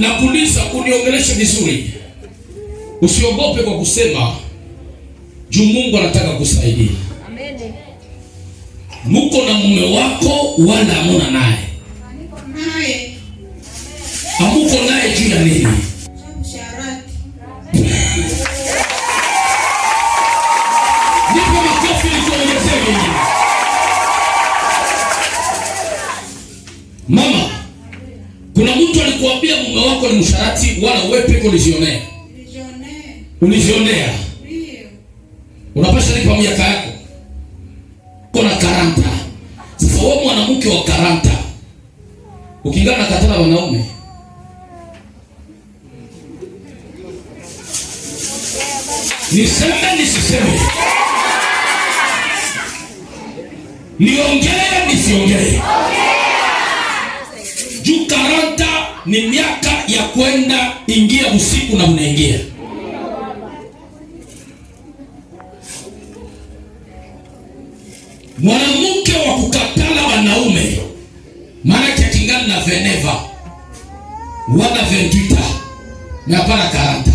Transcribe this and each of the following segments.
na kuuliza uniongeleshe vizuri, usiogope kwa kusema juu Mungu anataka kusaidia. Amen. Muko na mume wako wala hamuna naye, amuko naye juu ya nini? uko ni msharati wala wewe peko ulizionea. Ulizionea. Unapasha lipa miaka yako. Kuna karanta. Sasa wewe mwanamke wa karanta. Ukingana katana wanaume. Niseme nisiseme. Niongee nisiongee. Juu karanta ni miaka ya kwenda ingia usiku na unaingia mwanamke wa kukatala wanaume, maana kingana na veneva wana vendita na para karata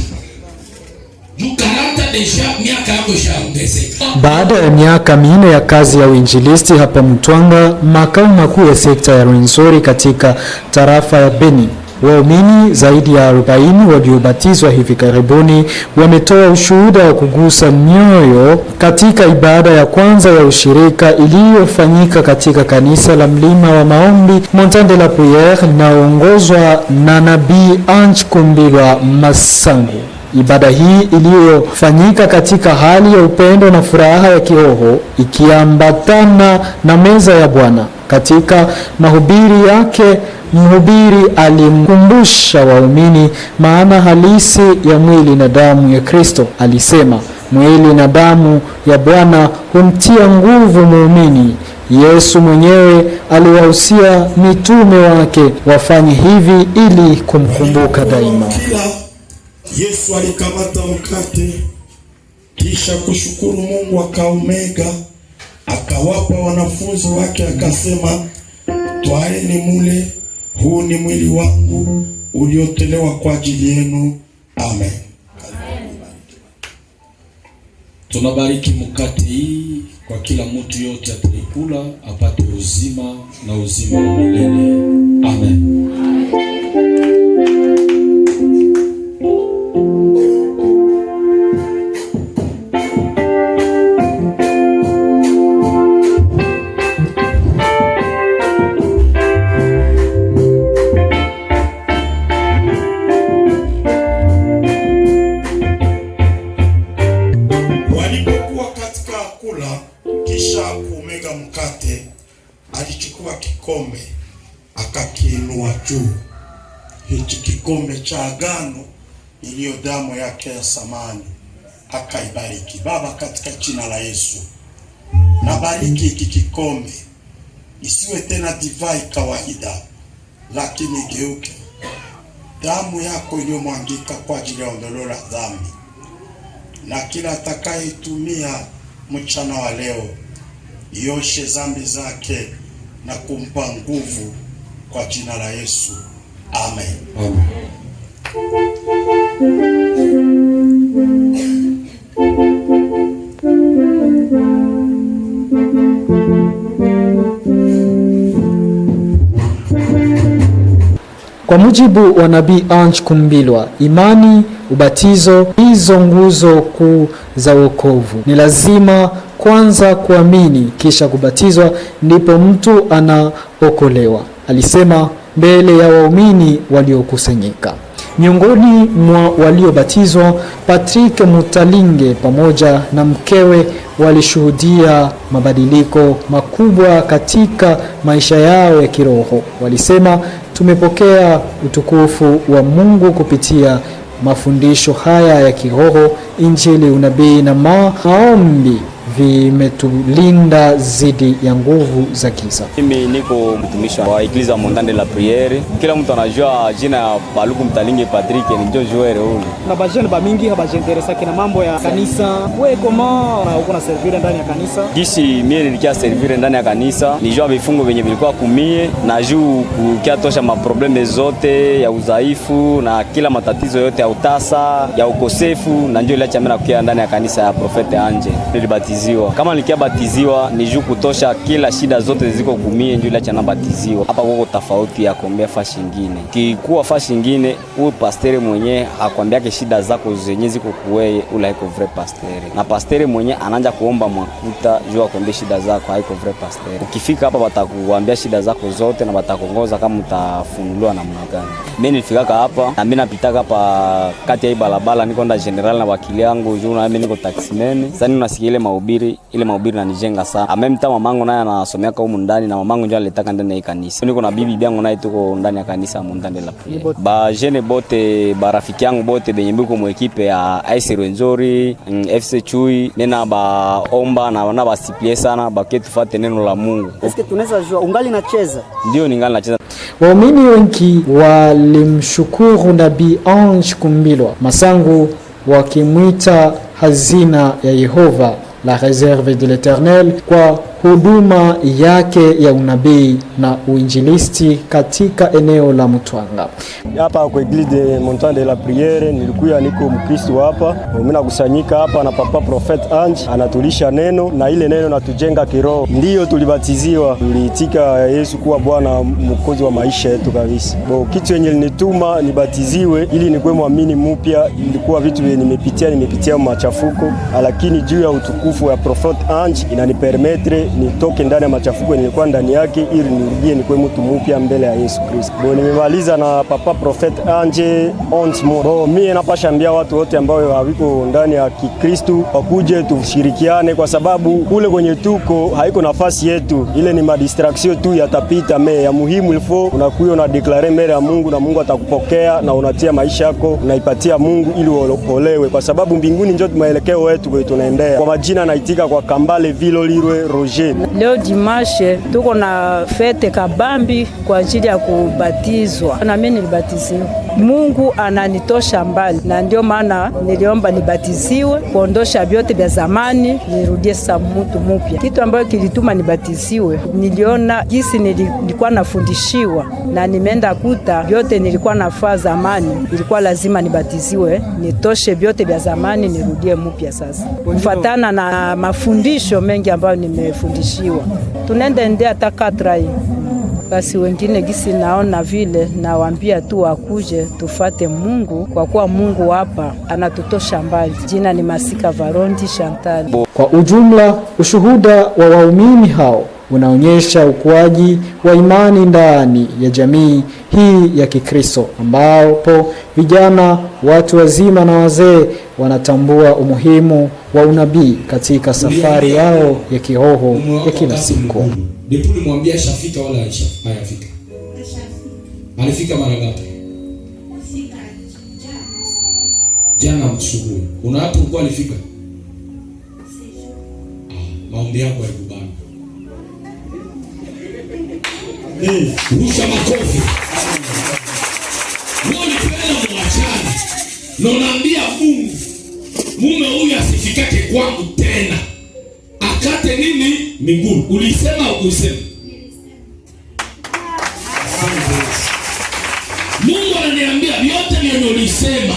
baada ya miaka minne ya kazi ya uinjilisti hapa Mtwanga, makao makuu ya sekta ya Rwenzori katika tarafa ya Beni Waumini zaidi ya 40 waliobatizwa hivi karibuni wametoa ushuhuda wa kugusa mioyo katika ibada ya kwanza ya ushirika iliyofanyika katika kanisa la Mlima wa Maombi Montagne de la Priere inayoongozwa na Nabii Ange Kumbilwa Masangu. Ibada hii iliyofanyika katika hali ya upendo na furaha ya kiroho ikiambatana na meza ya Bwana. Katika mahubiri yake mhubiri alimkumbusha waumini maana halisi ya mwili na damu ya Kristo. Alisema, mwili na damu ya Bwana humtia nguvu muumini. Yesu mwenyewe aliwahusia mitume wake wafanye hivi ili kumkumbuka daima. Yesu alikamata mkate kisha kushukuru Mungu akaumega, akawapa wanafunzi wake, akasema twaeni mule huu ni mwili wangu uliotolewa kwa ajili yenu. Amen. Tunabariki mkate hii kwa kila mtu yote ataikula apate uzima na uzima wa milele. kikombe akakiinua juu, hichi kikombe cha agano iliyo damu yake ya samani, akaibariki. Baba, katika jina la Yesu nabariki hiki kikombe, isiwe tena divai kawaida, lakini igeuke damu yako iliyomwangika kwa ajili ya ondoleo la dhambi, na kila atakayetumia mchana wa leo ioshe dhambi zake na kumpa nguvu kwa jina la Yesu. Amen, Amen. kwa mujibu wa nabii Ange Kumbilwa, imani, ubatizo, hizo nguzo kuu za wokovu. Ni lazima kwanza kuamini kisha kubatizwa ndipo mtu anaokolewa, alisema mbele ya waumini waliokusanyika. Miongoni mwa waliobatizwa, Patrick Mutalinge pamoja na mkewe walishuhudia mabadiliko makubwa katika maisha yao ya kiroho. Walisema, tumepokea utukufu wa Mungu kupitia mafundisho haya ya kiroho, Injili, unabii na maombi vimetulinda dhidi ya nguvu za giza. Mimi niko mtumishi wa Eglise ya Mondande la Priere. Kila mtu anajua jina ya Baluku mtalingi Patrick ni ndio juere huyu. Na bajana ba mingi habajenderesa kina mambo ya kanisa. Wewe kama na uko na servire ndani ya kanisa. Gishi mimi nilikia servire ndani ya kanisa. Nijua vifungo venye vilikuwa kumie na juu kukiatosha maprobleme zote ya uzaifu na kila matatizo yote ya utasa, ya ukosefu na njo iliacha mimi nakukia ndani ya kanisa ya Profete Anje. Nilibatizwa kubatiziwa. Kama nikia batiziwa ni juu kutosha kila shida zote ziko kumie njuu lacha na batiziwa. Hapa koko tofauti ya kuombea fashi ingine. Kikuwa fashi ingine huyu pastere mwenye akwambiake shida zako zenye ziko kuweye, ula haiko vre pastere. Na pastere mwenye ananja kuomba mwakuta juu akwambia shida zako haiko vre pastere. Ukifika hapa batakuambia shida zako zote na batakongoza kama utafunuliwa namna gani. Mimi nilifikaka hapa na mimi napitaka hapa kati ya hii barabara niko nda general na wakili yangu juu na mimi niko taxi man. Sasa ninasikile mahubiri, ile mahubiri nanijenga sana. Amemta mamangu naye anasomeaka huko ndani na mamangu ndio alitaka ndani ya kanisa. Niko na bibi byangu naye tuko ndani ya kanisa mu ndani la priere. Ba jene bote barafiki yangu bote benye biko mu ekipe ya AS Rwenzori, mm, FC Chui, nena ba omba na na basiplie sana baketu fate neno la Mungu. Eske tunaweza jua ungali nacheza? Ndio ningali nacheza. Waumini wengi walimshukuru Nabii Ange Kumbilwa Masangu wakimwita hazina ya Yehova. la réserve de l'Éternel, quoi huduma yake ya unabii na uinjilisti katika eneo la Mtwanga. Hapa kwa Eglise de Montagne de la Priere nilikuya, niko Mkristo hapa, mimi nakusanyika hapa na papa Prophet Ange anatulisha neno na ile neno natujenga kiroho. Ndiyo tulibatiziwa, tuliitika Yesu kuwa Bwana mwokozi wa maisha yetu kabisa. Bo kitu yenye linituma nibatiziwe ili nikuwe mwamini mupya, ilikuwa vitu vyenye nimepitia, nimepitia machafuko, lakini juu ya utukufu ya Prophet Ange inanipermetre nitoke ndani ya machafuko nilikuwa ndani yake, ili nirudie nikuwe mtu mpya mbele ya Yesu Kristo. Bo, nimemaliza na papa Prophet Anje more. Bo, mie napashambia watu wote ambao hawiko ndani ya Kikristu wakuje tushirikiane, kwa sababu kule kwenye tuko haiko nafasi yetu, ile ni madistraksio tu yatapita. Me ya muhimu ilifo unakuya unadeklare mbele ya Mungu na Mungu atakupokea na unatia maisha yako unaipatia Mungu ili uokolewe, kwa sababu mbinguni njo maelekeo wetu kwe tunaendea. Kwa majina naitika kwa Kambale Vilolirwe Roger jijini. Leo dimashe tuko na fete kabambi kwa ajili ya kubatizwa, na mimi nilibatiziwa. Mungu ananitosha mbali, na ndio maana niliomba nibatiziwe, kuondosha vyote vya zamani, nirudie sasa mtu mpya Kitu ambayo kilituma nibatiziwe, niliona gisi nilikuwa nafundishiwa na nimeenda kuta vyote nilikuwa nafaa zamani, ilikuwa lazima nibatiziwe, nitoshe vyote vya zamani, nirudie mpya sasa, kufatana na mafundisho mengi ambayo nimefundishwa tunatishiwa, tunaenda hata katrai. Basi wengine gisi naona vile, nawambia tu wakuje tufate Mungu kwa kuwa Mungu hapa anatutosha mbali. Jina ni Masika Varondi Shantali. Kwa ujumla ushuhuda wa waumini hao unaonyesha ukuaji wa imani ndani ya jamii hii ya Kikristo ambapo vijana, watu wazima na wazee wanatambua umuhimu wa unabii katika safari yao ya kiroho ya kila siku. Ndipo nimwambia shafika wala Alifika mara ngapi? Jana Kuna alifika? Maombi yako yalikubali. Rusha makofi. Ndio kwenda mwachana. nonaambia Mungu mume huyu asifikake kwangu tena, akate nini miguu. Ulisema au kuisema? Mungu ananiambia vyote vyenye ulisema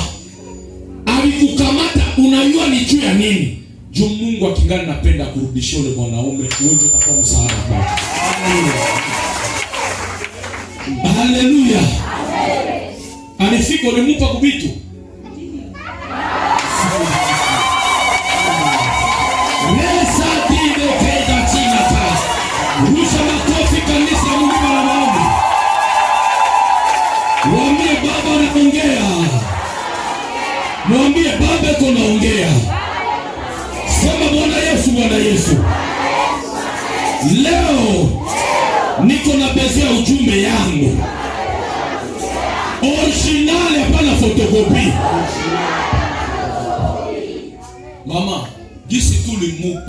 avikukamata, unajua ni juu ya nini? Juu Mungu akingani napenda kurudishia ule mwanaume wewe, utakuwa msaada kwake. Haleluya, anifika ulimupa kubitu Bwana Yesu. Leo niko na ya ujumbe yangu original, hapana fotokopi. Mama, gisi tulimupa